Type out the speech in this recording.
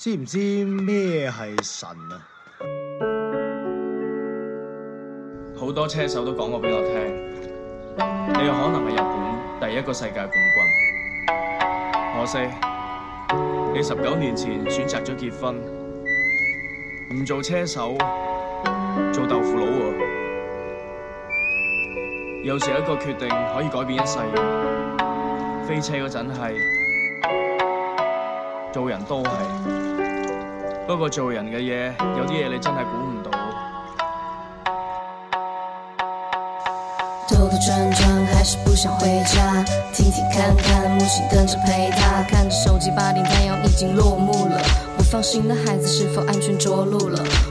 知唔知咩係神啊？好多車手都講過俾我聽，你有可能係日本第一個世界冠軍。可惜你十九年前選擇咗結婚，唔做車手，做豆腐佬啊！有時有一個決定可以改變一世。飛車嗰陣係。做人多係，不過做人嘅嘢，有啲嘢你真係估唔到。